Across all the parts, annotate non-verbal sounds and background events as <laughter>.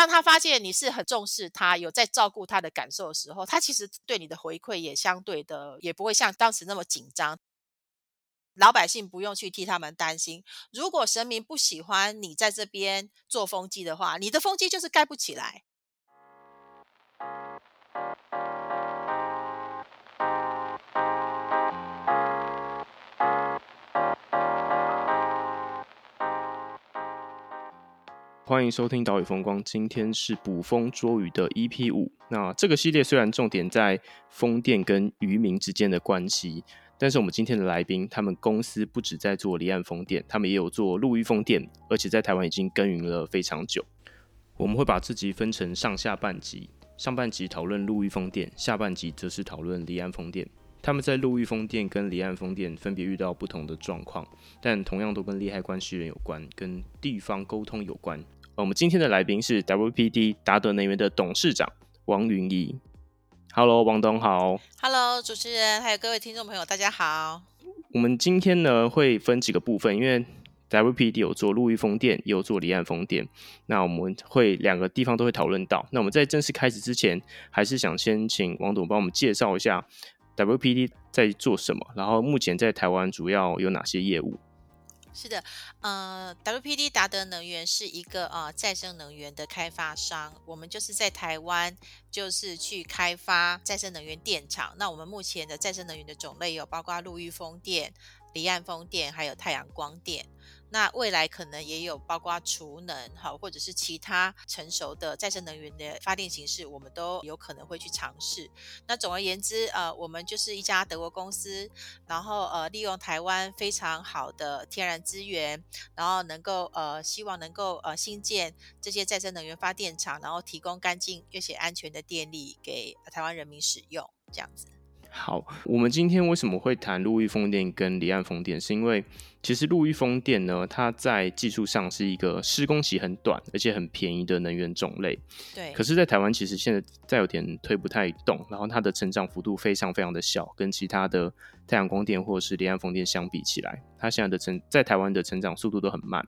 當他發現你是很重視他，有在照顧他的感受的時候，他其實對你的回饋也相對的，也不會像當時那麼緊張。老百姓不用去替他們擔心。如果神明不喜歡你在這邊做風機的話，你的風機就是蓋不起來。歡迎收聽《島嶼風光》，今天是捕風捉魚的 EP 五。那這個系列雖然重點在風電跟漁民之間的關係，但是我們今天的來賓，他們公司不止在做離岸風電，他們也有做陸域風電，而且在台灣已經耕耘了非常久。我們會把這集分成上下半集，上半集討論陸域風電，下半集則是討論離岸風電。他們在陸域風電跟離岸風電分別遇到不同的狀況，但同樣都跟利害關係人有關，跟地方溝通有關。我們今天的來賓是 WPD 達德能源的董事長王雲怡。Hello，王董好。Hello，主持人，還有各位聽眾朋友，大家好。我們今天呢會分幾個部分，因為 WPD 有做陸域風電，也有做離岸風電，那我們會兩個地方都會討論到。那我們在正式開始之前，還是想先請王董幫我們介紹一下 WPD 在做什麼，然後目前在台灣主要有哪些業務。是的，呃，WPD 達德能源是一個呃再生能源的開發商，我們就是在台灣，就是去開發再生能源電廠。那我們目前的再生能源的種類有包括陸域風電、離岸風電，還有太陽光電。那未來可能也有包括儲能，好，或者是其他成熟的再生能源的發電形式，我們都有可能會去嘗試。那總而言之，呃，我們就是一家德國公司，然後呃，利用台灣非常好的天然資源，然後能夠呃，希望能夠呃，新建這些再生能源發電廠，然後提供乾淨、綠色、安全的電力給台灣人民使用，這樣子。好，我們今天為什麼會談陸域風電跟離岸風電？是因為其實陸域風電呢，它在技術上是一個施工期很短而且很便宜的能源種類。對。可是，在台灣其實現在在有點推不太動，然後它的成長幅度非常非常的小，跟其他的太陽光電或者是離岸風電相比起來，它現在的成在台灣的成長速度都很慢。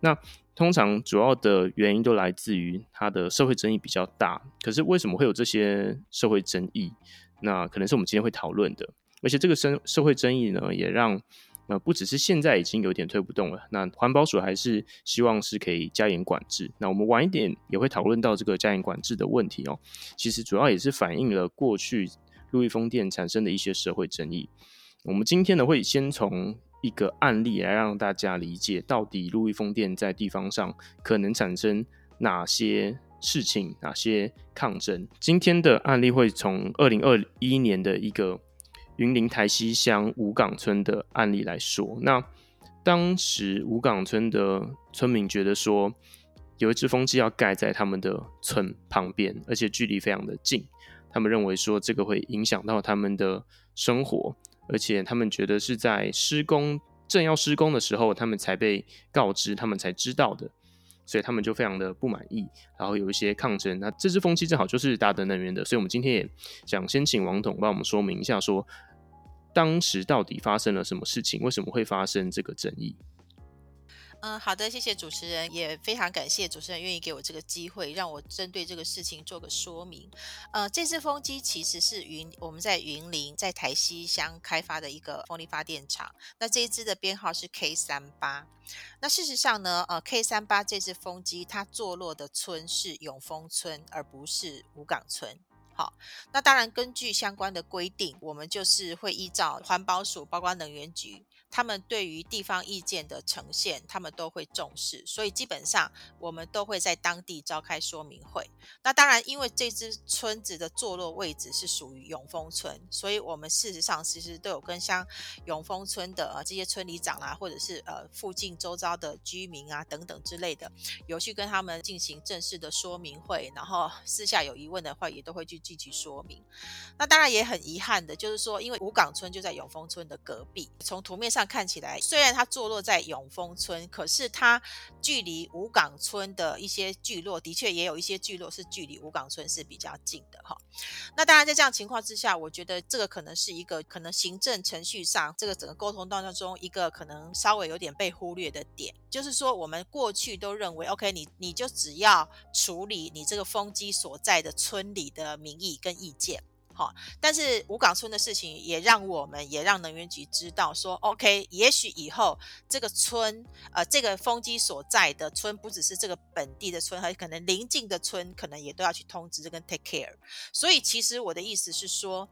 那通常主要的原因都來自於它的社會爭議比較大。可是，為什麼會有這些社會爭議？那可能是我們今天會討論的，而且這個生社會爭議呢，也讓呃不只是現在已經有點推不動了，那環保署還是希望是可以加嚴管制。那我們晚一點也會討論到這個加嚴管制的問題哦。其實主要也是反映了過去陸域風電產生的一些社會爭議。我們今天呢會先從一個案例來讓大家理解到底陸域風電在地方上可能產生哪些。事情？哪些抗爭？今天的案例會從二零二一年的一個雲林台西鄉五港村的案例來說。那當時五港村的村民覺得說，有一支風機要蓋在他們的村旁邊，而且距離非常的近。他們認為說，這個會影響到他們的生活，而且他們覺得是在施工，正要施工的時候，他們才被告知，他們才知道的。所以他們就非常的不滿意，然後有一些抗爭。那這支風機正好就是達德能源的，所以我們今天也想先請王董幫我們說明一下說，說當時到底發生了什麼事情，為什麼會發生這個爭議？嗯，好的，謝謝主持人，也非常感謝主持人願意給我這個機會，讓我針對這個事情做個說明。呃，這隻風機其實是雲我們在雲林在台西鄉開發的一個風力發電廠，那這一支的編號是 K 三八。那事實上呢，呃 K 三八這隻風機它坐落的村是永豐村，而不是五港村。好，那當然根據相關的規定，我們就是會依照環保署包括能源局。他們對於地方意見的呈現，他們都會重視，所以基本上我們都會在當地召開說明會。那當然，因為這支村子的坐落位置是屬於永豐村，所以我們事實上其實，實都有跟像永豐村的、呃、這些村里長啊，或者是呃附近周遭的居民啊等等之類的，有去跟他們進行正式的說明會，然後私下有疑問的話，也都會去進行說明。那當然也很遺憾的，就是說，因為五港村就在永豐村的隔壁，從圖面上。上看起來，雖然它坐落在永豐村，可是它距離五港村的一些聚落，的確也有一些聚落是距離五港村是比較近的哈。那當然，在這樣的情況之下，我覺得這個可能是一個可能行政程序上，這個整個溝通當中一個可能稍微有點被忽略的點，就是說我們過去都認為，OK，你你就只要處理你這個風機所在的村裡的民意跟意見。好，但是五港村的事情也讓我們，也讓能源局知道說，OK，也許以後這個村，呃，這個風機所在的村，不只是這個本地的村，還可能鄰近的村，可能也都要去通知，這跟 take care。所以，其實我的意思是說，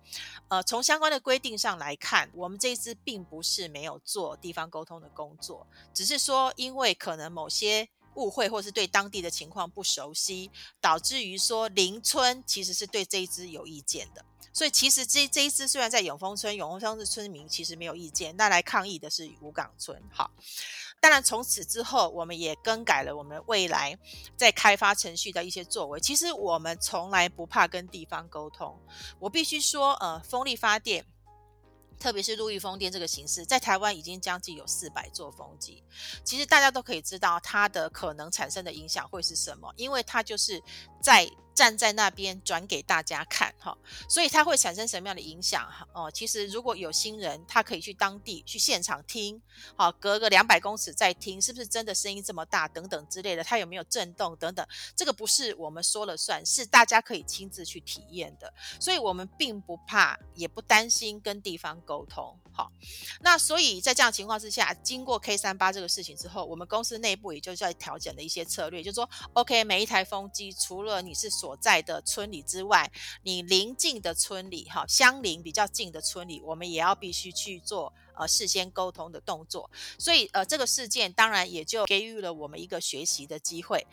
呃，從相關的規定上來看，我們這一支並不是沒有做地方溝通的工作，只是說，因為可能某些誤會，或是對當地的情況不熟悉，導致於說鄰村其實是對這一支有意見的。所以其實這這一支雖然在永豐村，永豐鄉的村民其實沒有意見，那來抗議的是五港村。好，當然從此之後，我們也更改了我們未來在開發程序的一些作為。其實我們從來不怕跟地方溝通。我必須說，呃，風力發電，特別是陸域風電這個形式，在台灣已經將近有四百座風機。其實大家都可以知道它的可能產生的影響會是什麼，因為它就是在。站在那邊轉給大家看哈、哦，所以它會產生什麼樣的影響哈？哦，其實如果有心人，他可以去當地去現場聽，好、哦，隔個兩百公尺再聽，是不是真的聲音這麼大？等等之類的，它有沒有震動等等？這個不是我們說了算，是大家可以親自去體驗的。所以我們並不怕，也不擔心跟地方溝通好、哦，那所以在這樣的情況之下，經過 K 三八這個事情之後，我們公司內部也就在調整了一些策略，就說 OK，每一台風機除了你是所在的村里之外，你鄰近的村里哈，相鄰比較近的村里，我們也要必須去做，呃，事先溝通的動作，所以呃，這個事件當然也就給予了我們一個學習的機會。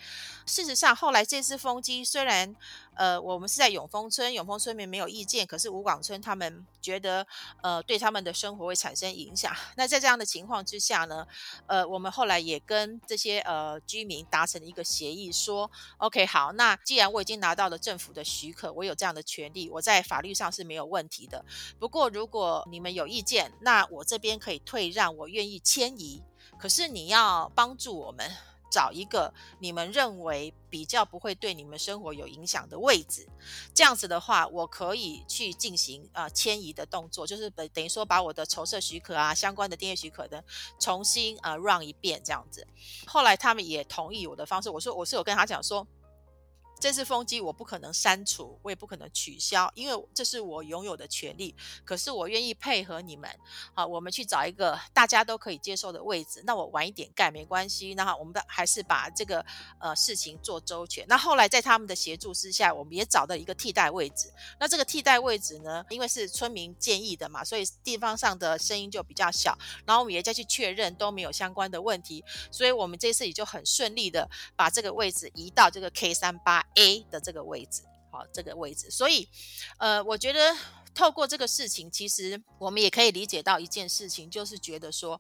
事實上，後來這支風機雖然呃，我們是在永豐村，永豐村民沒有意見，可是五港村他們覺得呃，對他們的生活會產生影響。那在這樣的情況之下呢，呃，我們後來也跟這些呃居民達成了一個協議說，說 OK，好，那既然我已經拿到了政府的許可，我有這樣的權利，我在法律上是沒有問題的。不過如果你們有意見，那我。這邊可以退讓，我願意遷移。可是你要幫助我們找一個你們認為比較不會對你們生活有影響的位置。這樣子的話，我可以去進行啊呃，遷移的動作，就是等等於說把我的籌設許可啊相關的電業許可的重新啊呃，run 一遍這樣子。後來他們也同意我的方式，我說我是有跟他講說。這次風機我不可能刪除，我也不可能取消，因為這是我擁有的權利。可是我願意配合你們，好，我們去找一個大家都可以接受的位置。那我晚一點蓋沒關係，那好，我們的還是把這個呃事情做周全。那後來在他們的協助之下，我們也找到一個替代位置。那這個替代位置呢，因為是村民建議的嘛，所以地方上的聲音就比較小。然後我們也再去確認都沒有相關的問題，所以我們這次也就很順利的把這個位置移到這個 K38。A 的這個位置，好，這個位置，所以，呃，我覺得透過這個事情，其實我們也可以理解到一件事情，就是覺得說，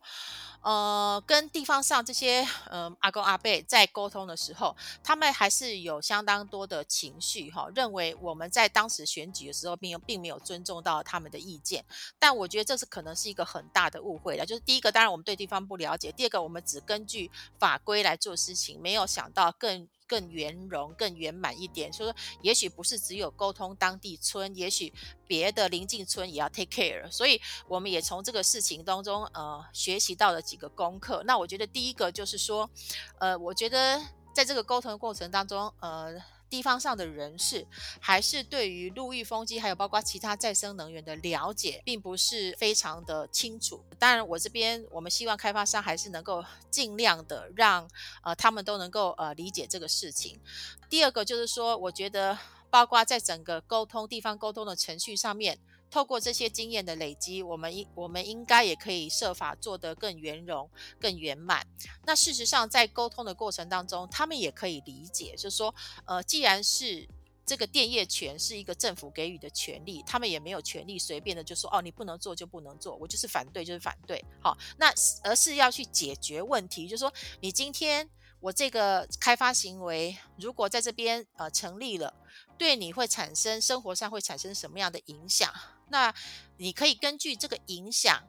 呃，跟地方上這些嗯、呃、阿公阿伯在溝通的時候，他們還是有相當多的情緒，哈、哦，認為我們在當時選舉的時候並，并並沒有尊重到他們的意見。但我覺得這是可能是一個很大的誤會了，就是第一個，當然我們對地方不了解；第二個，我們只根據法規來做事情，沒有想到更。更圓融、更圓滿一點，所以說，也許不是只有溝通當地村，也許別的鄰近村也要 take care。所以，我們也從這個事情當中，呃，學習到了幾個功課。那我覺得第一個就是說，呃，我覺得在這個溝通的過程當中，呃。地方上的人士還是對於陸域風機，還有包括其他再生能源的了解，並不是非常的清楚。當然，我這邊我們希望開發商還是能夠盡量的讓呃他們都能夠呃理解這個事情。第二個就是說，我覺得包括在整個溝通地方溝通的程序上面。透過這些經驗的累積，我們應我們應該也可以設法做得更圓融、更圓滿。那事實上，在溝通的過程當中，他們也可以理解，就是說，呃，既然是這個電業權是一個政府給予的權利，他們也沒有權利隨便的就說，哦，你不能做就不能做，我就是反對就是反對。好，那而是要去解決問題，就是說，你今天我這個開發行為如果在這邊呃成立了，對你會產生生活上會產生什麼樣的影響？那你可以根據這個影響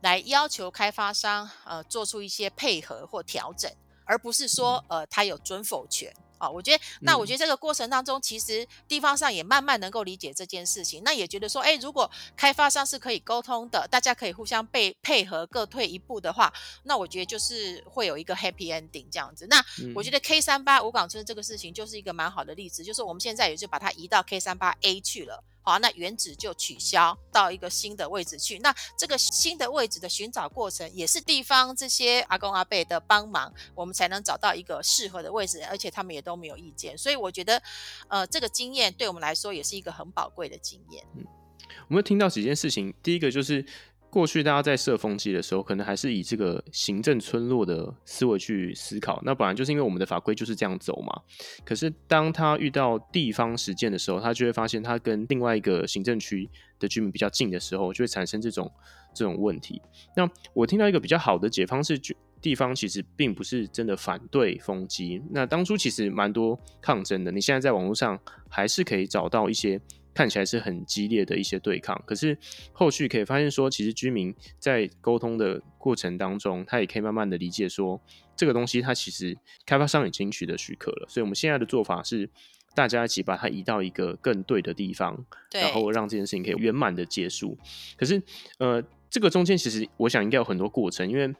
來要求開發商呃做出一些配合或調整，而不是說、嗯、呃他有准否權啊。我覺得、嗯、那我覺得這個過程當中，其實地方上也慢慢能夠理解這件事情，那也覺得說，哎、欸，如果開發商是可以溝通的，大家可以互相被配、配合，各退一步的話，那我覺得就是會有一個 happy ending 這樣子。那我覺得 K 三八五港村這個事情就是一個蠻好的例子，就是我們現在也就把它移到 K 三八 A 去了。好、哦，那原址就取消到一個新的位置去。那這個新的位置的尋找過程，也是地方這些阿公阿伯的幫忙，我們才能找到一個適合的位置，而且他們也都沒有意見。所以我覺得，呃，這個經驗對我們來說也是一個很寶貴的經驗。嗯，我們聽到幾件事情，第一個就是。過去大家在設風機的時候，可能還是以這個行政村落的思維去思考。那本來就是因為我們的法規就是這樣走嘛。可是當他遇到地方實踐的時候，他就會發現他跟另外一個行政區的居民比較近的時候，就會產生這種這種問題。那我聽到一個比較好的解方是，就地方其實並不是真的反對風機。那當初其實蠻多抗爭的，你現在在網絡上還是可以找到一些。看起來是很激烈的一些對抗，可是後續可以發現說，其實居民在溝通的過程當中，他也可以慢慢的理解說，這個東西它其實開發商已經取得許可了，所以我們現在的做法是大家一起把它移到一個更對的地方，對然後讓這件事情可以圓滿的結束。可是，呃，這個中間其實我想應該有很多過程，因為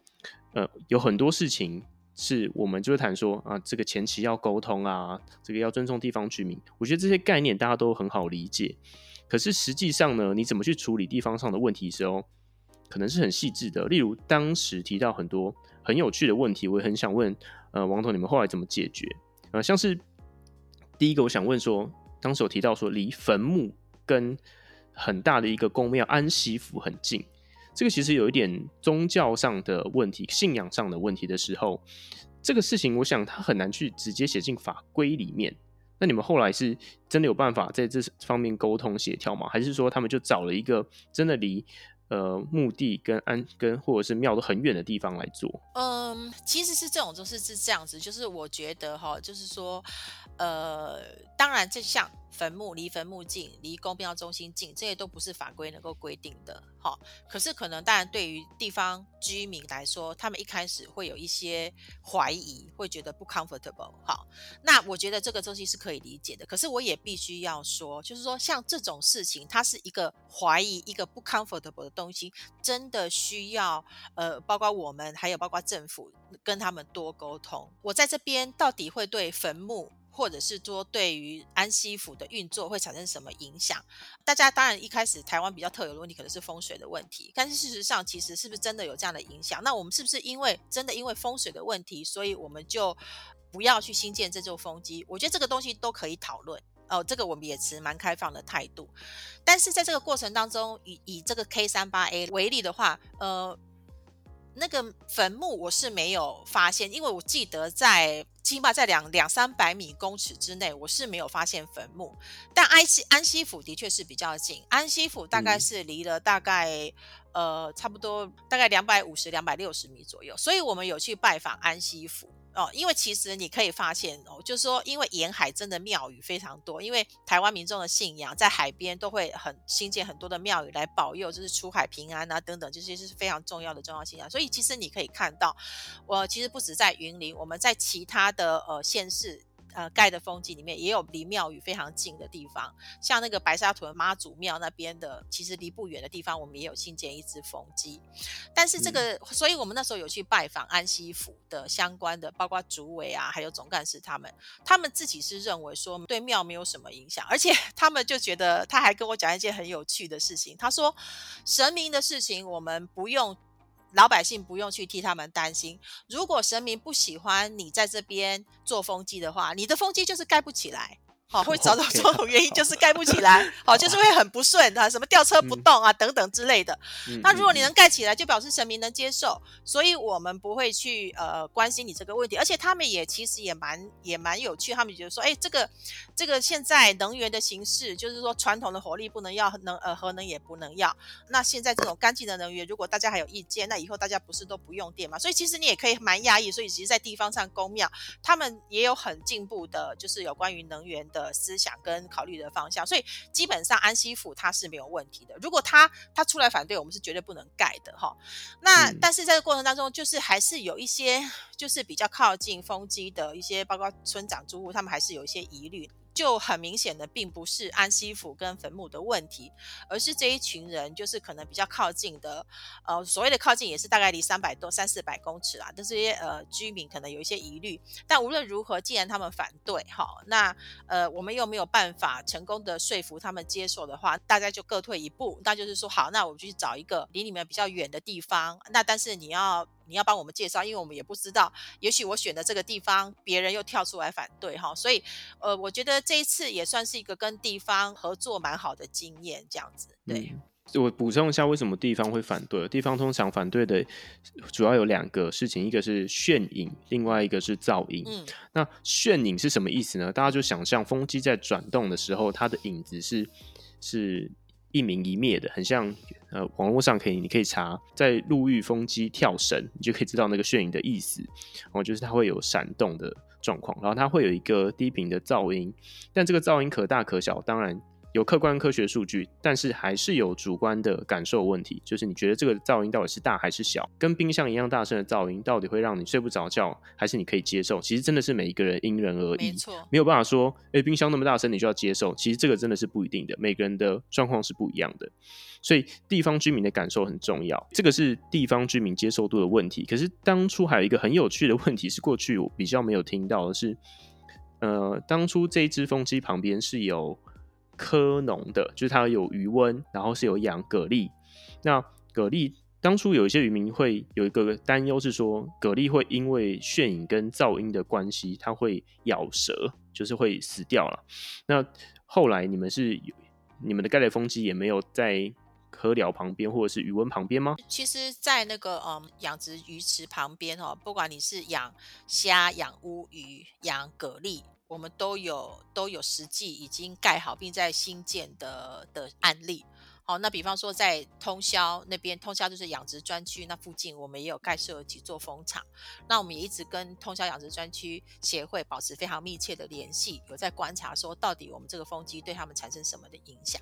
呃，有很多事情。是我們就會談說啊，這個前期要溝通啊，這個要尊重地方居民。我覺得這些概念大家都很好理解。可是實際上呢，你怎麼去處理地方上的問題的時候，可能是很細緻的。例如當時提到很多很有趣的問題，我也很想問呃，王董你們後來怎麼解決？呃，像是第一個我想問說，當時有提到說離墳墓跟很大的一個宮廟安西府很近。這個其實有一點宗教上的問題、信仰上的問題的時候，這個事情我想他很難去直接寫進法規裡面。那你們後來是真的有辦法在這方面溝通協調嗎？還是說他們就找了一個真的離呃墓地、跟安跟或者是廟都很遠的地方來做？嗯，其實是這種，就是是這樣子，就是我覺得哈、哦，就是說呃，當然這項。墳墓離墳墓近，離公廟中心近，這些都不是法規能夠規定的。哈，可是可能，當然對於地方居民來說，他們一開始會有一些懷疑，會覺得不 comfortable。哈，那我覺得這個東西是可以理解的。可是我也必須要說，就是說像這種事情，它是一個懷疑，一個不 comfortable 的東西，真的需要呃，包括我們，還有包括政府，跟他們多溝通。我在這邊到底會對墳墓。或者是說，對於安西府的運作會產生什麼影響？大家當然一開始台灣比較特有的問題可能是風水的問題，但是事實上其實是不是真的有這樣的影響？那我們是不是因為真的因為風水的問題，所以我們就不要去新建這座風機？我覺得這個東西都可以討論哦，這個我們也持蠻開放的態度。但是在這個過程當中，以以這個 K 38 A 為例的話，呃，那個墳墓我是沒有發現，因為我記得在。起碼在兩兩三百米公尺之內，我是沒有發現墳墓。但安西安西府的確是比較近，安西府大概是離了大概，嗯、呃差不多大概兩百五十兩百六十米左右，所以我們有去拜訪安西府。哦，因為其實你可以發現哦，就是說，因為沿海真的廟宇非常多，因為台灣民眾的信仰在海邊都會很新建很多的廟宇來保佑，就是出海平安啊等等，這些是非常重要的重要信仰。所以其實你可以看到，我呃其實不止在雲林，我們在其他的呃縣市，呃，蓋的風機裡面也有離廟宇非常近的地方，像那個白沙屯媽祖廟那邊的，其實離不遠的地方，我們也有新建一支風機。但是這個，嗯、所以我們那時候有去拜訪安西府的相關的，包括主委啊，還有總幹事他們，他們自己是認為說對廟沒有什麼影響，而且他們就覺得，他還跟我講一件很有趣的事情，他說神明的事情我們不用。老百姓不用去替他們擔心。如果神明不喜歡你在這邊做風機的話，你的風機就是蓋不起來。好，會找到這種原因，就是蓋不起來， <laughs> 好，好，就是會很不順啊，什麼吊車不動啊，嗯、等等之類的。嗯、那如果你能蓋起來，就表示神明能接受，所以我們不會去呃關心你這個問題。而且他們也其實也蠻也蠻有趣，他們覺得說，哎、欸，這個這個現在能源的形式，就是說傳統的火力不能要，能呃核能也不能要。那現在這種乾淨的能源，如果大家還有意見，那以後大家不是都不用電嘛？所以其實你也可以蠻訝異，所以其實在地方上宮廟，他們也有很進步的，就是有關於能源的，思想跟考慮的方向，所以基本上安息府它是沒有問題的。如果他他出來反對，我們是絕對不能蓋的哈。那、嗯、但是在這個過程當中，就是還是有一些就是比較靠近風機的一些，包括村長、住戶，他們還是有一些疑慮。就很明顯的，並不是安息府跟墳墓的問題，而是這一群人就是可能比較靠近的，呃，所謂的靠近也是大概離三百多三四百公尺啦，但這些呃居民可能有一些疑慮。但無論如何，既然他們反對哈，那呃我們又沒有辦法成功的說服他們接受的話，大家就各退一步，那就是說好，那我們去找一個離你們比較遠的地方，那但是你要。你要幫我們介紹，因為我們也不知道，也許我選的這個地方，別人又跳出來反對哈，所以，呃，我覺得這一次也算是一個跟地方合作蠻好的經驗，這樣子。對，嗯、我補充一下，為什麼地方會反對？地方通常反對的主要有兩個事情，一個是炫影，另外一個是噪音。嗯，那炫影是什麼意思呢？大家就想象風機在轉動的時候，它的影子是是。一明一滅的，很像，呃，網絡上可以，你可以查，在陸域風機跳繩，你就可以知道那個炫影的意思。然後，哦，就是它會有閃動的狀況，然後它會有一個低頻的噪音，但這個噪音可大可小，當然。有客觀科學數據，但是還是有主觀的感受問題。就是你覺得這個噪音到底是大還是小？跟冰箱一樣大聲的噪音，到底會讓你睡不着覺，還是你可以接受？其實真的是每一個人因人而異，沒錯。沒有辦法說，欸，冰箱那麼大聲你就要接受。其實這個真的是不一定的，每個人的狀況是不一樣的。所以地方居民的感受很重要，這個是地方居民接受度的問題。可是當初還有一個很有趣的問題是，過去我比較沒有聽到的是，呃，當初這一只風機旁邊是有。蚵農的，就是它有魚塭，然後是有養蛤蜊。那蛤蜊當初有一些漁民會有一個擔憂，是說蛤蜊會因為炫影跟噪音的關係，它會咬舌，就是會死掉了。那後來你們是你們的蓋雷風機也沒有在蚵寮旁邊或者是魚塭旁邊嗎？其實，在那個嗯養殖魚池旁邊哦，不管你是養蝦、養烏魚、養蛤蜊。我們都有都有實際已經蓋好並在興建的的案例。好、哦，那比方說在通霄那邊，通霄就是養殖專區那附近，我們也有蓋設幾座風場。那我們也一直跟通霄養殖專區協會保持非常密切的聯繫，有在觀察說到底我們這個風機對他們產生什麼的影響。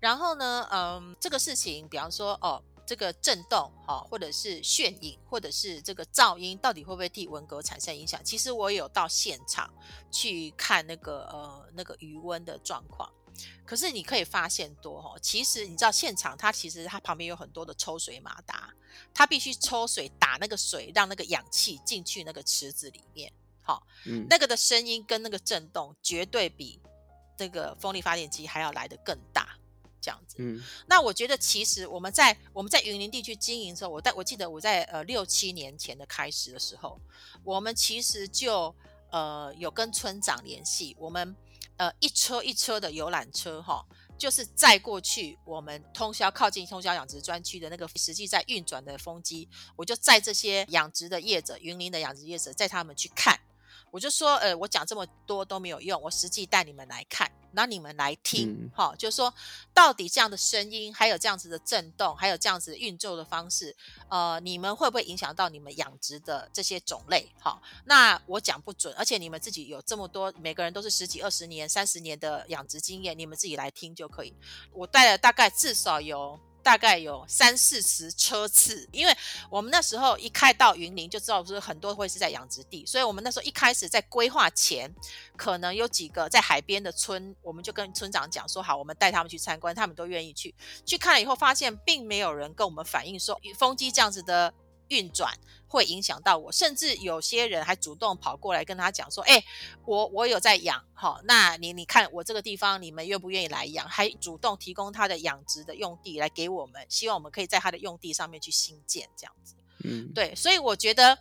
然後呢，嗯，這個事情，比方說哦。這個震動哈，或者是炫影，或者是這個噪音，到底會不會對文蛤產生影響？其實我有到現場去看那個呃那個魚塭的狀況，可是你可以發現多哈，其實你知道現場它其實它旁邊有很多的抽水馬達，它必須抽水打那個水，讓那個氧氣進去那個池子裡面，好、嗯，那個的聲音跟那個震動，絕對比那個風力發電機還要來得更大。這樣子，嗯，那我覺得其實我們在我們在雲林地區經營的時候，我在我記得我在呃六七年前的開始的時候，我們其實就呃有跟村長聯繫，我們呃一車一車的遊覽車哈，就是載過去我們通霄靠近通霄養殖專區的那個實際在運轉的風機，我就載這些養殖的業者，雲林的養殖業者載他們去看。我就說，呃，我講這麼多都沒有用，我實際帶你們來看，然後，你們來聽，哈、嗯，就是說，到底這樣的聲音，還有這樣子的震動，還有這樣子的運作的方式，呃，你們會不會影響到你們養殖的這些種類，哈？那我講不準，而且你們自己有這麼多，每個人都是十幾、二十年、三十年的養殖經驗，你們自己來聽就可以。我帶了大概至少有。大概有三四十車次，因為我們那時候一開到雲林就知道說很多會是在養殖地，所以我們那時候一開始在規劃前，可能有幾個在海邊的村，我們就跟村長講說好，我們帶他們去參觀，他們都願意去。去看了以後，發現並沒有人跟我們反映說風機這樣子的。運轉會影響到我，甚至有些人還主動跑過來跟他講說：“哎、欸，我我有在養，好、哦，那你你看我這個地方，你們願不願意來養？還主動提供他的養殖的用地來給我們，希望我們可以在他的用地上面去興建這樣子。”嗯，對，所以我覺得，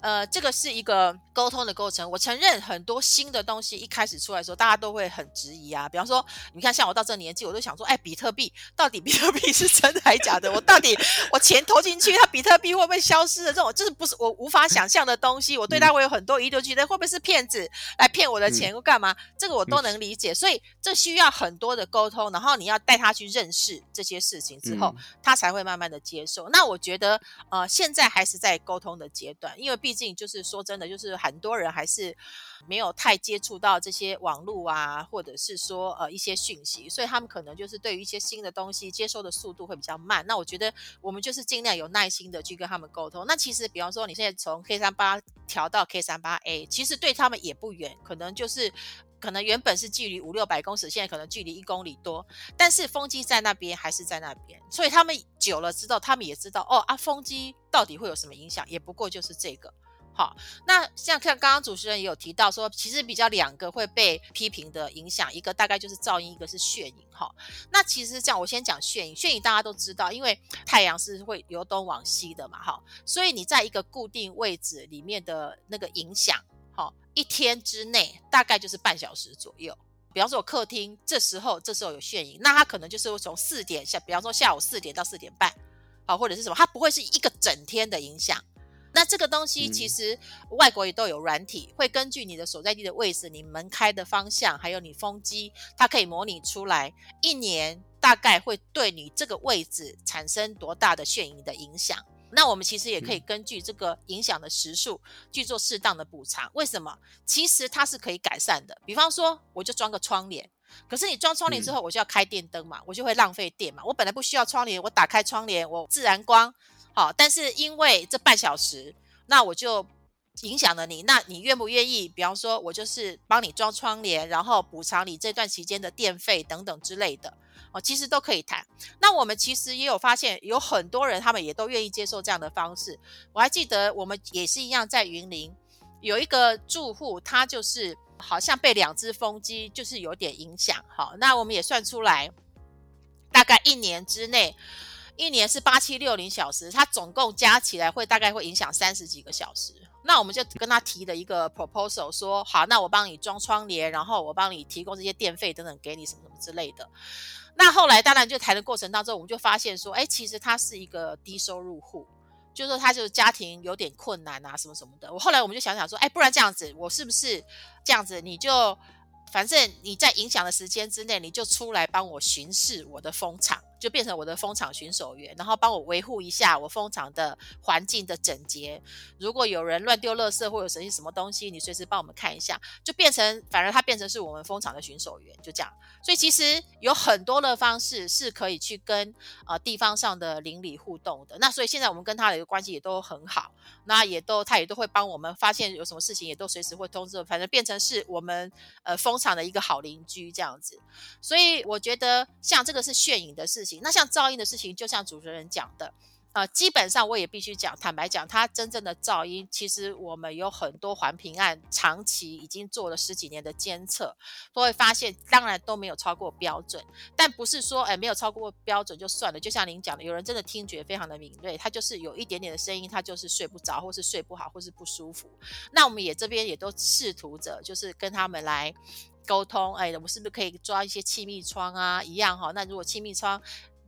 呃，這個是一個溝通的過程。我承認，很多新的東西一開始出來的時候，大家都會很質疑啊。比方說，你看，像我到這個年紀，我都想說，哎，比特幣到底比特幣是真的還假的？ <laughs> 我到底我錢投進去，它比特幣會不會消失的？這種就是不是我無法想象的東西，我對他會有很多疑慮，嗯、覺得會不會是騙子來騙我的錢？我、嗯、幹嘛？這個我都能理解。所以這需要很多的溝通，然後你要帶他去認識這些事情之後，他才會慢慢的接受。嗯、那我覺得，呃，現在。還是在溝通的階段，因為畢竟就是說真的，就是很多人還是沒有太接觸到這些網絡啊，或者是說呃一些訊息，所以他們可能就是對於一些新的東西接收的速度會比較慢。那我覺得我們就是儘量有耐心的去跟他們溝通。那其實，比方說你現在從 K 三八調到 K 三八 A，其實對他們也不遠，可能就是。可能原本是距離五六百公尺，現在可能距離一公里多，但是風機在那邊還是在那邊，所以他們久了之後，他們也知道哦，啊，風機到底會有什麼影響？也不過就是這個。好、哦，那像像剛剛主持人也有提到說，其實比較兩個會被批評的影響，一個大概就是噪音，一個是眩影。哈、哦，那其實這樣，我先講眩影。眩影大家都知道，因為太陽是會由東往西的嘛，哈、哦，所以你在一個固定位置裡面的那個影響。一天之內大概就是半小時左右。比方說客、客廳這時候這時候有炫影，那它可能就是會從四點下，比方說下午四點到四點半，好，或者是什麼，它不會是一個整天的影響。那這個東西其實外國也都有軟體、嗯、會根據你的所在地的位置、你門開的方向，還有你風機，它可以模擬出來一年大概會對你這個位置產生多大的炫影的影響。那我們其實也可以根據這個影響的時數去做適當的補償。為什麼？其實它是可以改善的。比方說，我就裝個窗簾，可是你裝窗簾之後，我就要開電燈嘛，我就會浪費電嘛。我本來不需要窗簾，我打開窗簾，我自然光好，哦，但是因為這半小時，那我就。影響了你，那你願不願意？比方說，我就是幫你裝窗簾，然後補償你這段期間的電費等等之類的哦，其實都可以談。那我們其實也有發現，有很多人他們也都願意接受這樣的方式。我還記得，我們也是一樣在，在雲林有一個住戶，他就是好像被兩隻風機就是有點影響哈。那我們也算出來，大概一年之內，一年是八七六零小時，他總共加起來會大概會影響三十幾個小時。那我們就跟他提了一個 proposal，說好，那我幫你裝窗簾，然後我幫你提供這些電費等等給你什麼什麼之類的。那後來當然就談的過程當中，我們就發現說，哎，其實他是一個低收入戶，就是說他就是家庭有點困難啊，什麼什麼的。我後來我們就想想說，哎，不然這樣子，我是不是這樣子？你就反正你在影響的時間之內，你就出來幫我巡視我的風場。就變成我的風場巡守員，然後幫我維護一下我風場的環境的整潔。如果有人亂丟垃圾或者什麼什麼東西，你隨時幫我們看一下，就變成反而他變成是我們風場的巡守員，就這樣。所以其實有很多的方式是可以去跟呃地方上的鄰里互動的。那所以現在我們跟他的一個關係也都很好，那也都他也都會幫我們發現有什麼事情，也都隨時會通知。反正變成是我們呃風場的一個好鄰居這樣子。所以我覺得像這個是炫影的事情。那像噪音的事情，就像主持人講的，啊、呃，基本上我也必須講，坦白講，它真正的噪音，其實我們有很多環評案，長期已經做了十幾年的監測，都會發現，當然都沒有超過標準。但不是說，誒、欸，沒有超過標準就算了。就像您講的，有人真的聽覺非常的敏銳，他就是有一點點的聲音，他就是睡不着，或是睡不好，或是不舒服。那我們也這邊也都試圖着，就是跟他們來。溝通，哎、欸，我是不是可以裝一些氣密窗啊？一樣哈，那如果氣密窗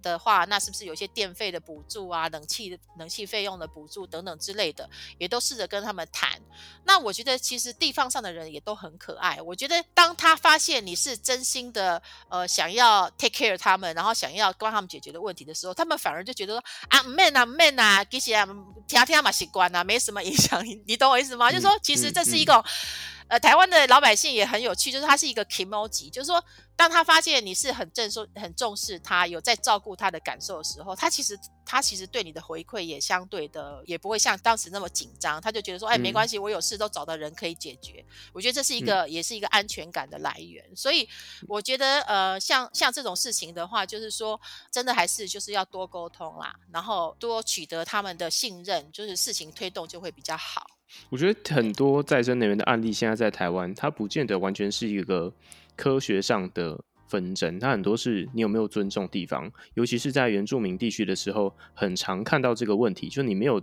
的話，那是不是有些電費的補助啊、冷氣、冷氣費用的補助等等之類的，也都試着跟他們談。那我覺得，其實地方上的人也都很可愛。我覺得，當他發現你是真心的，呃，想要 take care 他們，然後想要幫他們解決的問題的時候，他們反而就覺得說啊，man 啊，man 啊，其實、啊、聽天他們習慣啊，沒什麼影響，你懂我意思嗎？嗯嗯、就是說其實這是一個，嗯嗯、呃，台灣的老百姓也很有趣，就是他是一個 kimoji，就是說。當他發現你是很正重很重視他，有在照顧他的感受的時候，他其實他其實對你的回饋也相對的，也不會像當時那麼緊張。他就覺得說，哎，沒關係，我有事都找到人可以解決。嗯、我覺得這是一個，也是一個安全感的來源。嗯、所以我覺得，呃，像像這種事情的話，就是說，真的還是就是要多溝通啦，然後多取得他們的信任，就是事情推動就會比較好。我覺得很多再生能源的案例，現在在台灣，對它不見得完全是一個。科學上的紛爭，它很多是你有沒有尊重地方，尤其是在原住民地區的時候，很常看到這個問題，就你沒有，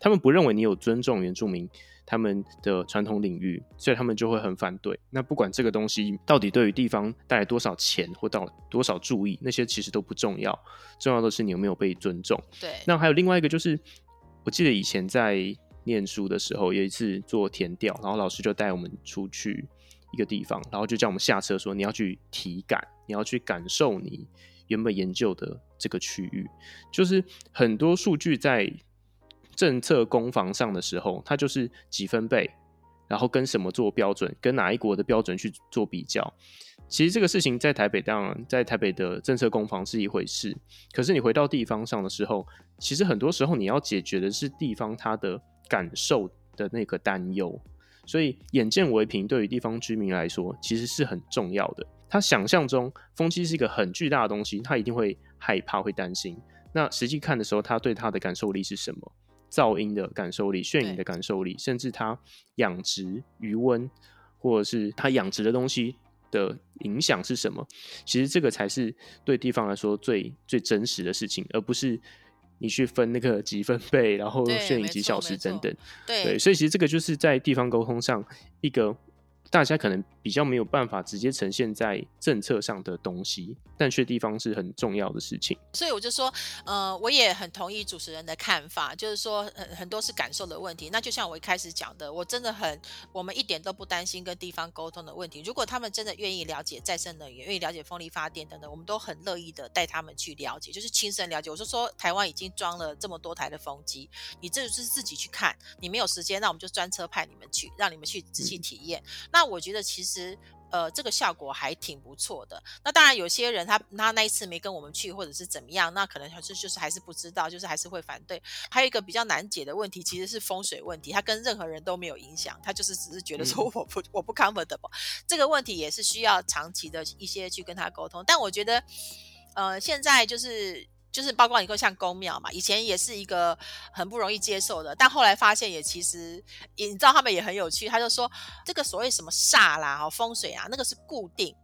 他們不認為你有尊重原住民他們的傳統領域，所以他們就會很反對。那不管這個東西到底對於地方帶來多少錢或到多少注意，那些其實都不重要，重要的是你有沒有被尊重。對。那還有另外一個，就是我記得以前在念書的時候，有一次做田調，然後老師就帶我們出去。一個地方，然後就叫我們下車，說你要去體感，你要去感受你原本研究的這個區域。就是很多數據在政策攻防上的時候，它就是幾分貝，然後跟什麼做標準，跟哪一國的標準去做比較。其實這個事情在台北，當然在台北的政策攻防是一回事，可是你回到地方上的時候，其實很多時候你要解決的是地方它的感受的那個擔憂。所以眼見為憑，對於地方居民來說，其實是很重要的。他想象中風機是一個很巨大的東西，他一定會害怕、會擔心。那實際看的時候，他對他的感受力是什麼？噪音的感受力、眩影的感受力，甚至他養殖魚塭，或者是他養殖的東西的影響是什麼？其實這個才是對地方來說最最真實的事情，而不是。你去分那個幾分貝，然後炫影幾小時等等，對，對，對，所以其實這個就是在地方溝通上一個大家可能。比較沒有辦法直接呈現在政策上的東西，但卻地方是很重要的事情。所以我就說，呃，我也很同意主持人的看法，就是說很很多是感受的問題。那就像我一開始講的，我真的很，我們一點都不擔心跟地方溝通的問題。如果他們真的願意了解再生能源，願意了解風力發電等等，我們都很樂意的帶他們去了解，就是親身了解。我就說，台灣已經裝了這麼多台的風機，你這就是自己去看，你沒有時間，那我們就專車派你們去，讓你們去自己體驗。嗯、那我覺得其實。其實，呃，這個效果還挺不錯的。那當然，有些人他他那一次沒跟我們去，或者是怎麼樣，那可能還是就是還是不知道，就是還是會反對。還有一個比較難解的問題，其實是風水問題，他跟任何人都沒有影響，他就是只是覺得說我不、嗯、我不 comfortable。這個問題也是需要長期的一些去跟他溝通。但我覺得，呃，現在就是。就是包括你，會像宮廟嘛，以前也是一個很不容易接受的，但後來發現也其實，你知道他們也很有趣，他就說這個所謂什麼煞啦、哈風水啊，那個是固定，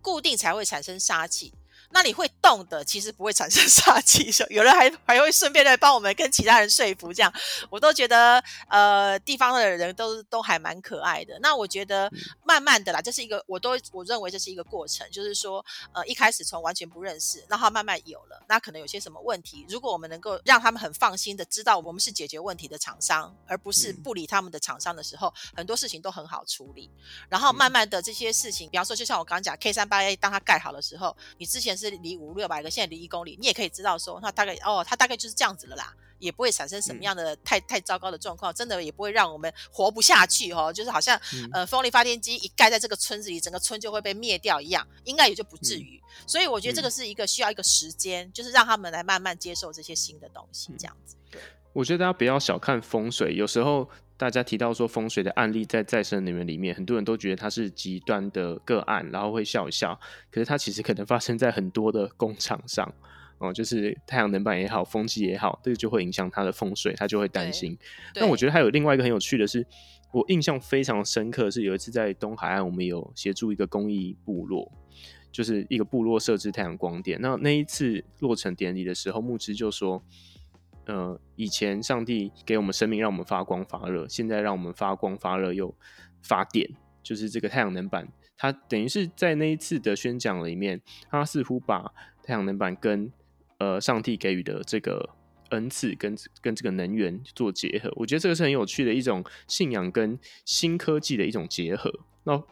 固定才會產生煞氣。那你會動的，其實不會產生煞氣，有人還還會順便來幫我們跟其他人說服，這樣我都覺得，呃，地方的人都都還蠻可愛的。那我覺得慢慢的啦，這是一個，我都我認為這是一個過程，就是說，呃，一開始從完全不認識，然後慢慢有了，那可能有些什麼問題，如果我們能夠讓他們很放心的知道我們是解決問題的廠商，而不是不理他們的廠商的時候，很多事情都很好處理。然後慢慢的這些事情，比方說，就像我剛剛講 K38A，當它蓋好的時候，你之前。是離五六百個，現在離一公里，你也可以知道說，那大概哦，它大概就是這樣子了啦，也不會產生什麼樣的太、嗯、太糟糕的狀況，真的也不會讓我們活不下去哦，就是好像、嗯、呃，風力發電機一蓋在這個村子裡，整個村就會被滅掉一樣，應該也就不至於。嗯、所以我覺得這個是一個需要一個時間，嗯、就是讓他們來慢慢接受這些新的東西，這樣子。對，我覺得大家不要小看風水，有時候。大家提到說風水的案例在再生能源裡面，很多人都覺得它是極端的個案，然後會笑一笑。可是它其實可能發生在很多的工廠上哦，嗯，就是太陽能板也好，風機也好，這個就會影響它的風水，他就會擔心。那我覺得還有另外一個很有趣的是，我印象非常深刻，是有一次在東海岸，我們有協助一個公益部落，就是一個部落設置太陽光電。那那一次落成典禮的時候，牧師就說。呃，以前上帝給我們生命，讓我們發光發熱。現在讓我們發光發熱又發電，就是這個太陽能板。它等於是在那一次的宣講裡面，它似乎把太陽能板跟呃上帝給予的這個恩賜跟跟這個能源做結合。我覺得這個是很有趣的一種信仰跟新科技的一種結合。那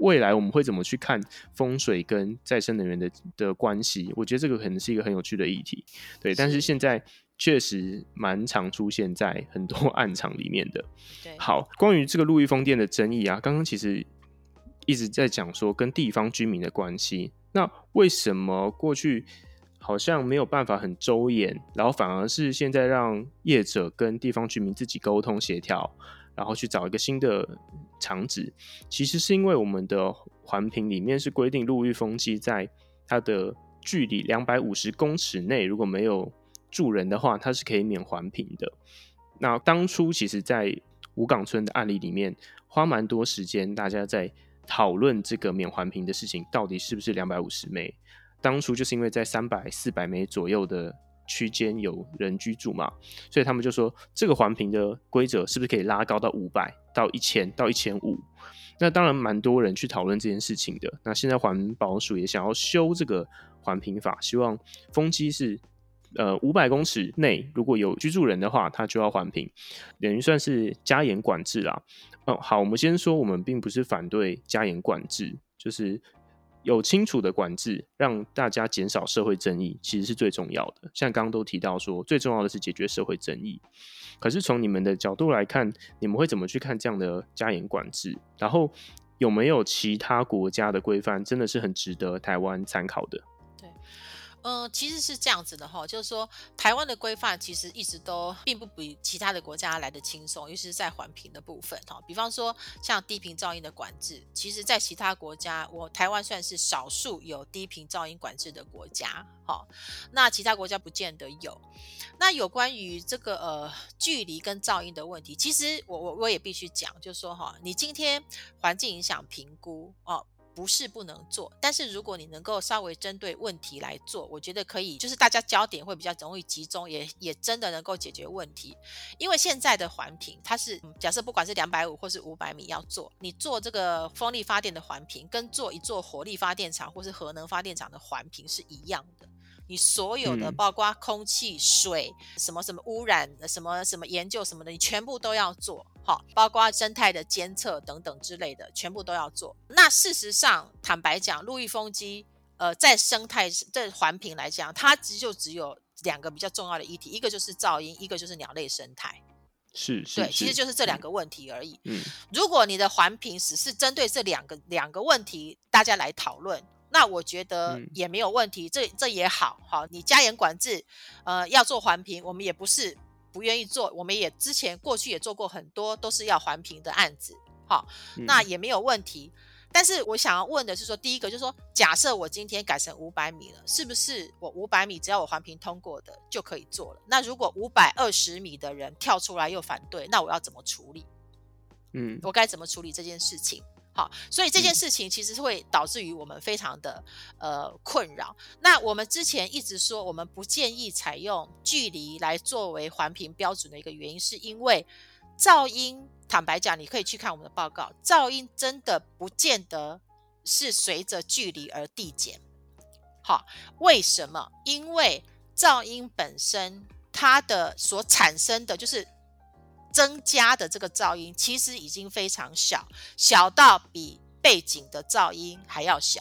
未來我們會怎麼去看風水跟再生能源的的關係？我覺得這個可能是一個很有趣的議題。對，是。但是現在。確實蠻常出現在很多暗場裡面的。對好，關於這個陸域風電的爭議啊，剛剛其實一直在講說跟地方居民的關係。那為什麼過去好像沒有辦法很周延，然後反而是現在讓業者跟地方居民自己溝通協調，然後去找一個新的場址？其實是因為我們的環評裡面是規定陸域風機在它的距離兩百五十公尺內，如果沒有住人的話，它是可以免環評的。那當初其實，在五港村的案例裡面，花蠻多時間，大家在討論這個免環評的事情，到底是不是兩百五十枚？當初就是因為在三百、四百枚左右的區間有人居住嘛，所以他們就說，這個環評的規則是不是可以拉高到五百到一千到一千五？那當然，蠻多人去討論這件事情的。那現在環保署也想要修這個環評法，希望風機是。呃，五百公尺內如果有居住人的話，他就要環評，等於算是加嚴管制啦。哦、呃，好，我們先說，我們並不是反對加嚴管制，就是有清楚的管制，讓大家減少社會爭議，其實是最重要的。像剛剛都提到說，最重要的是解決社會爭議。可是從你們的角度來看，你們會怎麼去看這樣的加嚴管制？然後有沒有其他國家的規範，真的是很值得台灣參考的？嗯，其實是這樣子的哈，就是說台灣的規範其實一直都並不比其他的國家來得輕鬆，尤其是在環評的部分哈。比方說像低頻噪音的管制，其實在其他國家，我台灣算是少數有低頻噪音管制的國家哈。那其他國家不見得有。那有關於這個呃距離跟噪音的問題，其實我我我也必須講，就是說哈，你今天環境影響評估哦。不是不能做，但是如果你能夠稍微針對問題來做，我覺得可以，就是大家焦點會比較容易集中，也也真的能夠解決問題。因為現在的環評，它是，嗯，假設不管是兩百五或是五百米要做，你做這個風力發電的環評，跟做一座火力發電廠或是核能發電廠的環評是一樣的。你所有的，包括空氣、水、嗯、什麼什麼污染的、什麼什麼研究什麼的，你全部都要做，好，包括生態的監測等等之類的，全部都要做。那事實上，坦白講，陸域風機，呃，在生態在環評來講，它其實就只有兩個比較重要的議題，一個就是噪音，一個就是鳥類生態，是，對，是其實就是這兩個問題而已。嗯，嗯，如果你的環評只是針對這兩個兩個問題，大家來討論。那我覺得也沒有問題，嗯、這這也好哈。你加嚴管制，呃，要做環評，我們也不是不願意做，我們也之前過去也做過很多都是要環評的案子哈。好嗯、那也沒有問題。但是我想要問的是說，第一個就是說，假設我今天改成五百米了，是不是我五百米只要我環評通過的就可以做了？那如果五百二十米的人跳出來又反對，那我要怎麼處理？嗯，我該怎麼處理這件事情？好，所以這件事情其實是會導致於我們非常的呃困擾。那我們之前一直說，我們不建議採用距離來作為環評標準的一個原因，是因為噪音。坦白講，你可以去看我們的報告，噪音真的不見得是隨着距離而遞減。好，為什麼？因為噪音本身它的所產生的就是。增加的這個噪音其實已經非常小，小到比背景的噪音還要小。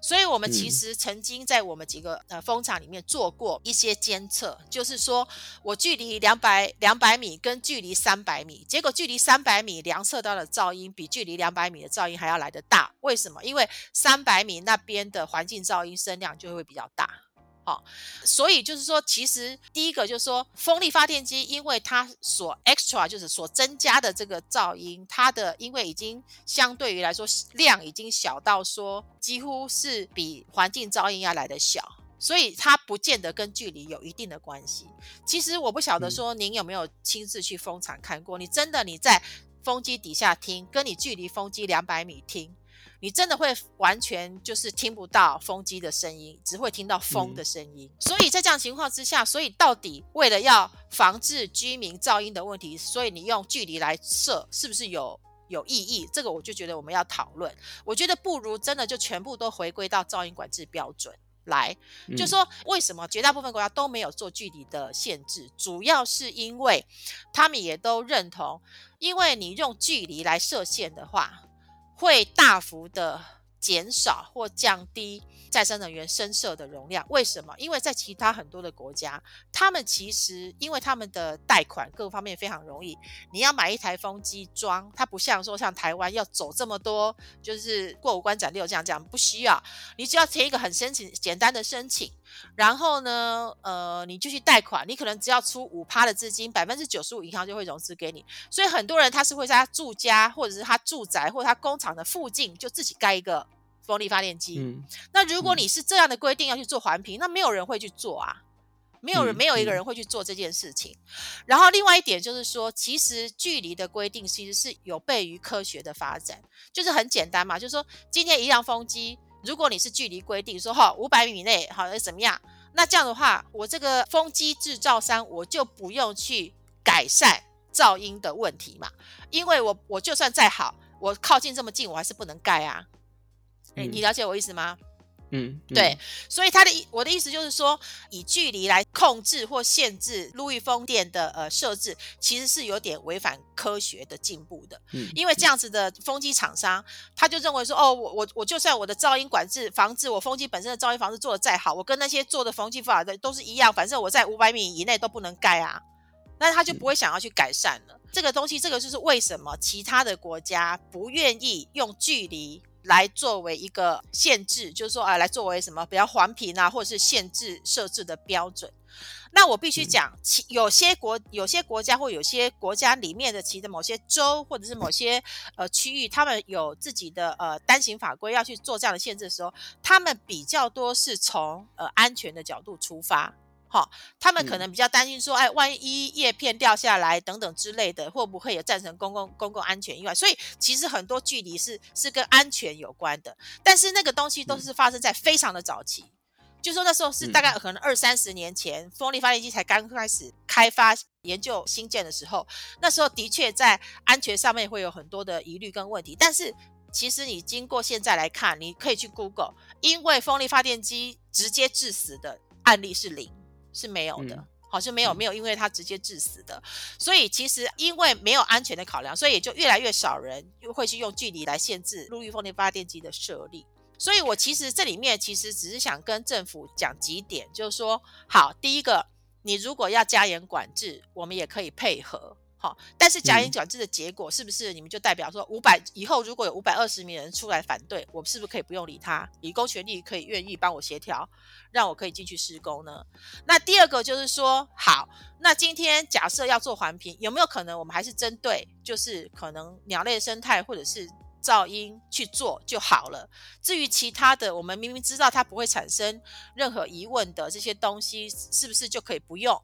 所以我們其實曾經在我們幾個呃風場裡面做過一些監測，就是說我距離兩百兩百米跟距離三百米，結果距離三百米量測到的噪音比距離兩百米的噪音還要來得大。為什麼？因為三百米那邊的環境噪音聲量就會比較大。好，哦、所以就是說，其實第一個就是說，風力發電機因為它所 extra 就是所增加的這個噪音，它的因為已經相對於來說量已經小到說，幾乎是比環境噪音要來的小，所以它不見得跟距離有一定的關係。其實我不曉得說您有沒有親自去風場看過，你真的你在風機底下聽，跟你距離風機兩百米聽。你真的會完全就是聽不到風機的聲音，只會聽到風的聲音。嗯、所以在這樣情況之下，所以到底為了要防治居民噪音的問題，所以你用距離來設，是不是有有意義？這個我就覺得我們要討論。我覺得不如真的就全部都回歸到噪音管制標準來，嗯、就說為什麼絕大部分國家都沒有做距離的限制，主要是因為他們也都認同，因為你用距離來設限的話。會大幅的減少或降低再生能源申設的容量。為什麼？因為在其他很多的國家，他們其實因為他們的貸款各方面非常容易，你要買一台風機裝，它不像說像台灣要走這麼多，就是過五關斬六將這，這樣，不需要，你只要填一個很申請簡單的申請。然後呢，呃，你就去貸款，你可能只要出五趴的資金，百分之九十五銀行就會融資給你。所以很多人他是會在他住家或者是他住宅或者他工廠的附近就自己蓋一個風力發電機。嗯、那如果你是這樣的規定要去做環評，嗯、那沒有人會去做啊，沒有人沒有一個人會去做這件事情。嗯嗯、然後另外一點就是說，其實距離的規定其實是有悖於科學的發展，就是很簡單嘛，就是說今天一輛風機。如果你是距離規定說哈五百米內，好的，怎麼樣？那這樣的話，我這個風機製造商，我就不用去改善噪音的問題嘛，因為我我就算再好，我靠近這麼近，我還是不能蓋啊。嗯嗯，你了解我意思嗎？嗯，嗯對，所以他的意我的意思就是說，以距離來控制或限制陸域風電的呃設置，其實是有點違反科學的進步的。嗯，嗯因為這樣子的風機廠商，他就認為說，哦，我我我就算我的噪音管制、防治我風機本身的噪音防治做得再好，我跟那些做的風機方法的都是一樣，反正我在五百米以內都不能蓋啊，那他就不會想要去改善了。嗯、這個東西，這個就是為什麼其他的國家不願意用距離來作為一個限制，就是說啊、呃，來作為什麼，比較環評啊，或者是限制設置的標準。那我必須講，有些國、有些國家或有些國家裡面的其的某些州或者是某些呃區域，他們有自己的呃單行法規要去做這樣的限制的時候，他們比較多是從呃安全的角度出發。好，他們可能比較擔心說，哎，萬一葉片掉下來等等之類的，會不會有造成公共公共安全意外？所以其實很多距離是是跟安全有關的，但是那個東西都是發生在非常的早期，就是說那時候是大概可能二三十年前，風力發電機才剛開始開發研究新建的時候，那時候的確在安全上面會有很多的疑慮跟問題，但是其實你經過現在來看，你可以去 Google，因為風力發電機直接致死的案例是零。是沒有的，好像沒有沒有，沒有因為它直接致死的，所以其實因為沒有安全的考量，所以也就越來越少人會去用距離來限制陸域風電發電機的設立。所以我其實這裡面其實只是想跟政府講幾點，就是說，好，第一個，你如果要加嚴管制，我們也可以配合。但是加嚴管制的結果是不是你們就代表說，五百以後，如果有五百二十名人出來反對，我們是不是可以不用理他？以公權力可以願意幫我協調，讓我可以進去施工呢？那第二個就是說，好，那今天假設要做環評，有沒有可能我們還是針對就是可能鳥類生態或者是噪音去做就好了？至於其他的，我們明明知道它不會產生任何疑問的這些東西，是不是就可以不用？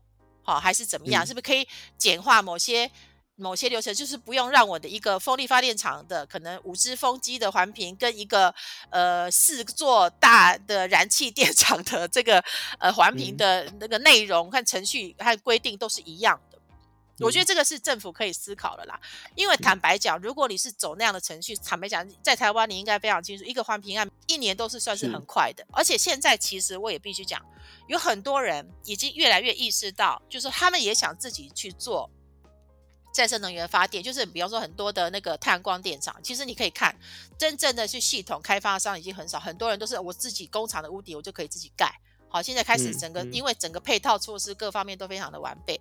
還是怎麼樣？是不是可以簡化某些某些流程？就是不用讓我的一個風力發電廠的可能五支風機的環評，跟一個呃四座大的燃氣電廠的這個呃環評的那個內容、和程序和規定都是一樣。我覺得這個是政府可以思考的啦，因為坦白講，如果你是走那樣的程序，坦白講，在台灣你應該非常清楚，一個環評案一年都是算是很快的。而且現在其實我也必須講，有很多人已經越來越意識到，就是說他們也想自己去做再生能源發電，就是比方說很多的那個太陽光電廠，其實你可以看，真正的去系統開發商已經很少，很多人都是我自己工廠的屋頂，我就可以自己蓋。好，現在開始整個，因為整個配套措施各方面都非常的完備。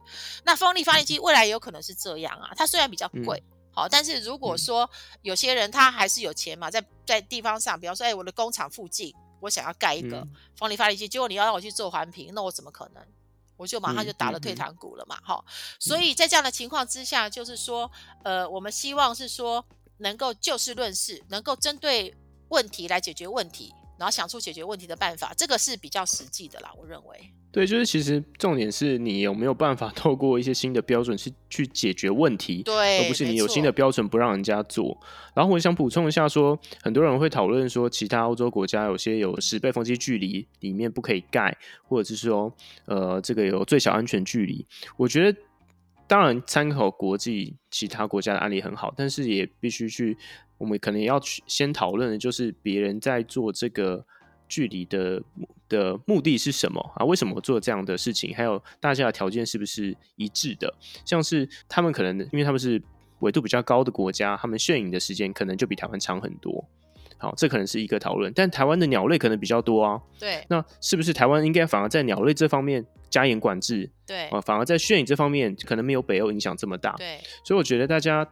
那風力發電機未來有可能是這樣啊，它雖然比較貴，好，但是如果說有些人他還是有錢嘛，在在地方上，比方說，哎，我的工廠附近，我想要蓋一個風力發電機，結果你要讓我去做環評，那我怎麼可能？我就馬上就打了退堂鼓了嘛，哈。所以在這樣的情況之下，就是說，呃，我們希望是說能夠就事論事，能夠針對問題來解決問題。然後想出解決問題的辦法，這個是比較實際的啦，我認為。對，就是其實重點是你有沒有辦法透過一些新的標準去去解決問題，對，而不是你有新的標準不讓人家做。沒錯。然後我想補充一下說，說很多人會討論說，其他歐洲國家有些有十倍風機距離裡面不可以蓋，或者是說呃這個有最小安全距離。我覺得當然參考國際其他國家的案例很好，但是也必須去。我們可能也要先討論的就是別人在做這個距離的的目的是什麼啊？為什麼我做這樣的事情？還有大家的條件是不是一致的？像是他們可能因為他們是緯度比較高的國家，他們炫影的時間可能就比台灣長很多。好，這可能是一個討論。但台灣的鳥類可能比較多啊。對。那是不是台灣應該反而在鳥類這方面加嚴管制？對。啊，反而在炫影這方面可能沒有北歐影響這麼大。對。所以我覺得大家。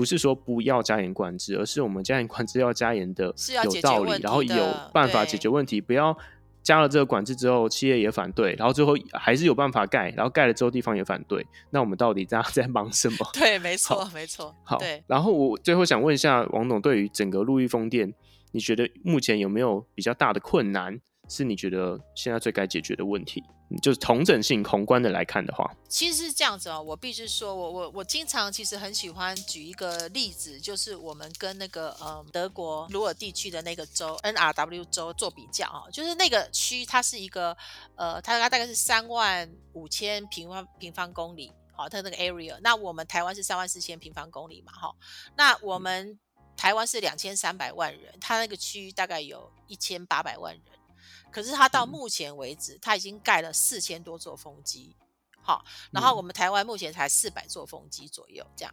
不是說不要加嚴管制，而是我們加嚴管制要加嚴的有道理，然後有辦法解決問題。對不要加了這個管制之後，企業也反對，然後最後還是有辦法蓋，然後蓋了之後地方也反對，那我們到底大家在忙什麼？對，沒錯，好沒錯。好，對然後我最後想問一下王董，對於整個陸域風電，你覺得目前有沒有比較大的困難？是你覺得現在最該解決的問題，就是同整性宏觀的來看的話，其實是這樣子哦。我必須說，我我我經常其實很喜歡舉一個例子，就是我們跟那個呃、嗯、德國魯爾地區的那個州 NRW 州做比較啊、哦，就是那個區它是一個呃，它它大概是三萬五千平方平方公里，好、哦，它那個 area 那、哦。那我們台灣是三萬四千平方公里嘛，哈，那我們台灣是兩千三百萬人，它那個區大概有一千八百萬人。可是它到目前為止，它、嗯、已經蓋了四千多座風機，好，然後我們台灣目前才四百座風機左右這樣。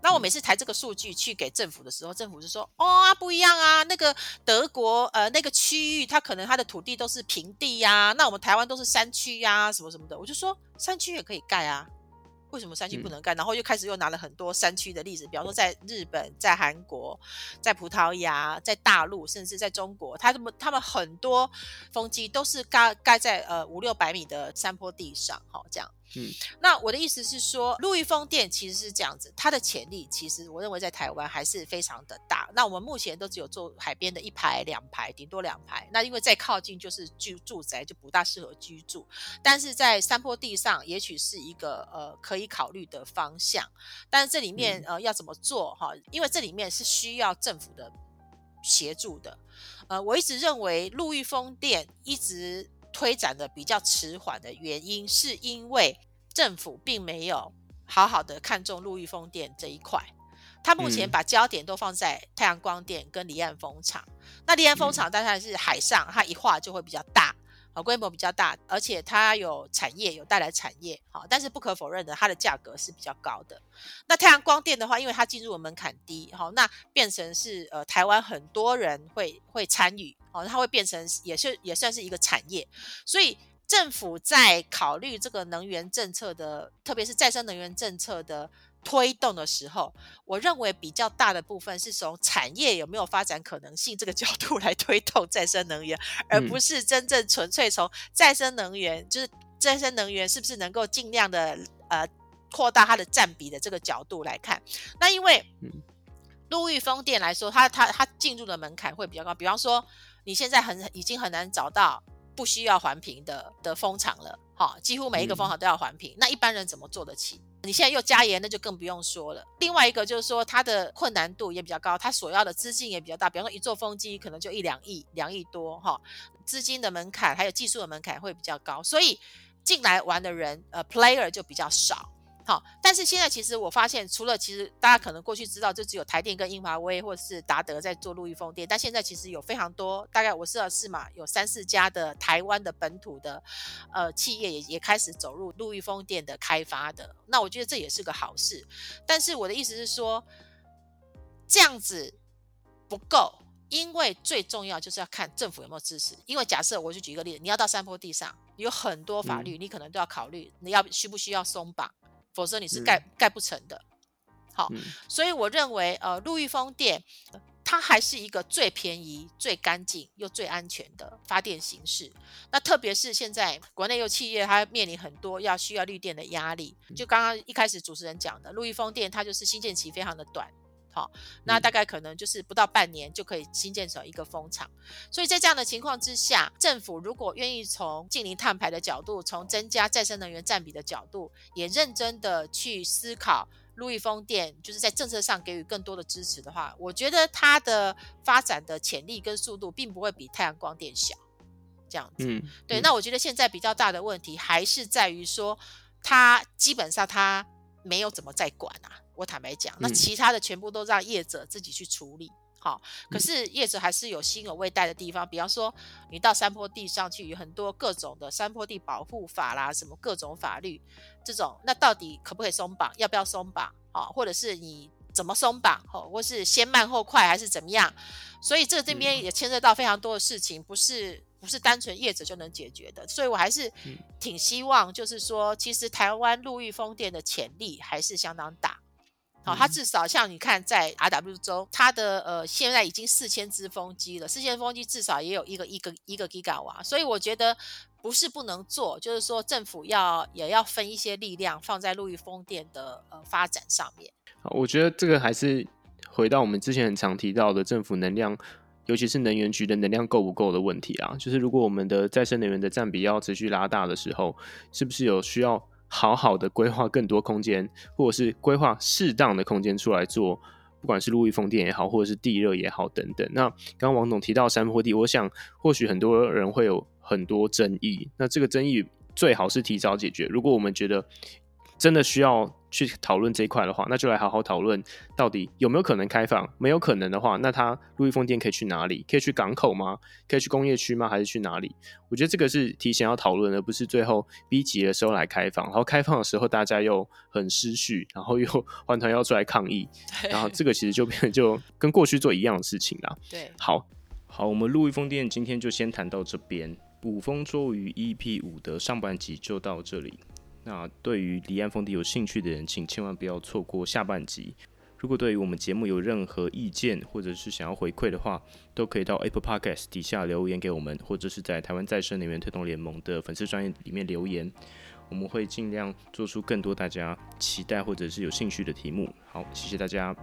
那我每次抬這個數據去給政府的時候，政府就說：哦，不一樣啊，那個德國呃那個區域，它可能它的土地都是平地呀、啊，那我們台灣都是山區呀、啊，什麼什麼的。我就說山區也可以蓋啊。為什麼山區不能蓋？然後又開始，又拿了很多山區的例子，比方說在日本、在韓國、在葡萄牙、在大陸，甚至在中國，他這麼他們很多風機都是蓋蓋在呃五六百米的山坡地上，好這樣。嗯，那我的意思是說，陸域風電其實是這樣子，它的潛力其實我認為在台灣還是非常的大。那我們目前都只有做海邊的一排兩排，頂多兩排。那因為再靠近就是居住宅就不大適合居住，但是在山坡地上也許是一個呃可以考慮的方向。但是這裡面、嗯、呃要怎麼做哈？因為這裡面是需要政府的協助的。呃，我一直認為陸域風電一直。推展的比較遲緩的原因，是因為政府並沒有好好的看重陸域風電這一塊，他目前把焦點都放在太陽光電跟離岸風場。那離岸風場當然是海上，它一化就會比較大。呃，規模比較大，而且它有產業，有帶來產業。好，但是不可否認的，它的價格是比較高的。那太陽光電的話，因為它進入門檻低，好，那變成是呃，台灣很多人會會參與，好，它會變成也是也算是一個產業，所以。政府在考慮這個能源政策的，特別是再生能源政策的推動的時候，我認為比較大的部分是從產業有沒有發展可能性這個角度來推動再生能源，而不是真正純粹從再生能源、嗯、就是再生能源是不是能夠盡量的呃擴大它的佔比的這個角度來看。那因為陸域風電來說，它它它進入的門檻會比較高，比方說你現在很已經很難找到。不需要環評的的風場了，哈、哦，幾乎每一個風場都要環評，嗯、那一般人怎麼做得起？你現在又加嚴，那就更不用說了。另外一個就是說，它的困難度也比較高，它所要的資金也比較大，比方說一座風機可能就一兩億、兩億多，哈、哦，資金的門檻還有技術的門檻會比較高，所以進來玩的人，呃，player 就比較少。好，但是現在其實我發現，除了其實大家可能過去知道，就只有台電跟英華威或者是達德在做陸域風電，但現在其實有非常多，大概我知道是嘛，有三四家的台灣的本土的呃，企業也也開始走入陸域風電的開發的。那我覺得這也是個好事，但是我的意思是說，這樣子不夠，因為最重要就是要看政府有沒有支持。因為假設我就舉一個例子，你要到山坡地上，有很多法律、嗯、你可能都要考慮，你要需不需要鬆綁？否則你是蓋蓋、嗯、不成的。好，嗯、所以我認為，呃，陸域風電它還是一個最便宜、最乾淨又最安全的發電形式。那特別是現在國內有企業，它面臨很多要需要綠電的壓力。就剛剛一開始主持人講的，陸域風電它就是新建期非常的短。好，那大概可能就是不到半年就可以新建成一個風場，所以在這樣的情況之下，政府如果願意從淨零碳排的角度，從增加再生能源佔比的角度，也認真的去思考陸域風電，就是在政策上給予更多的支持的話，我覺得它的發展的潛力跟速度並不會比太陽光電小，這樣子對、嗯。對、嗯。那我覺得現在比較大的問題還是在於說，它基本上它沒有怎麼在管啊。我坦白講，那其他的全部都讓業者自己去處理，好、嗯哦。可是業者還是有心有未逮的地方，比方說你到山坡地上去，有很多各種的山坡地保護法啦，什麼各種法律，這種那到底可不可以鬆綁？要不要鬆綁？哦，或者是你怎麼鬆綁？哦，或是先慢後快還是怎麼樣？所以這這邊也牽涉到非常多的事情，不是不是單純業者就能解決的。所以我還是挺希望，就是說，其實台灣陸域風電的潛力還是相當大。好、哦，它至少像你看，在 R W 州，它的呃，現在已經四千只風機了，四千風機至少也有一個一個一個 Giga a 所以我覺得不是不能做，就是說政府要也要分一些力量放在路易風電的呃發展上面。好，我覺得這個還是回到我們之前很常提到的政府能量，尤其是能源局的能量夠不夠的問題啊，就是如果我們的再生能源的占比要持續拉大的時候，是不是有需要？好好的規劃更多空間，或者是規劃適當的空間出來做，不管是陸域風電也好，或者是地熱也好等等。那剛王總提到山坡地，我想或許很多人會有很多爭議。那這個爭議最好是提早解決。如果我們覺得，真的需要去討論這一塊的話，那就來好好討論到底有沒有可能開放。沒有可能的話，那他陸域風電可以去哪裡？可以去港口嗎？可以去工業區嗎？還是去哪裡？我覺得這個是提前要討論，而不是最後逼急的時候來開放。然後開放的時候大家又很失序，然後又環團要出來抗議，對然後這個其實就變就跟過去做一樣的事情了。對，好好，我們陸域風電今天就先談到這邊，捕風捉魚 EP 五的上半集就到這裡。那對於離岸風電有興趣的人，請千萬不要錯過下半集。如果對於我們節目有任何意見，或者是想要回饋的話，都可以到 Apple Podcast 底下留言給我們，或者是在台灣再生能源推動聯盟的粉絲專頁裡面留言。我們會盡量做出更多大家期待或者是有興趣的題目。好，謝謝大家。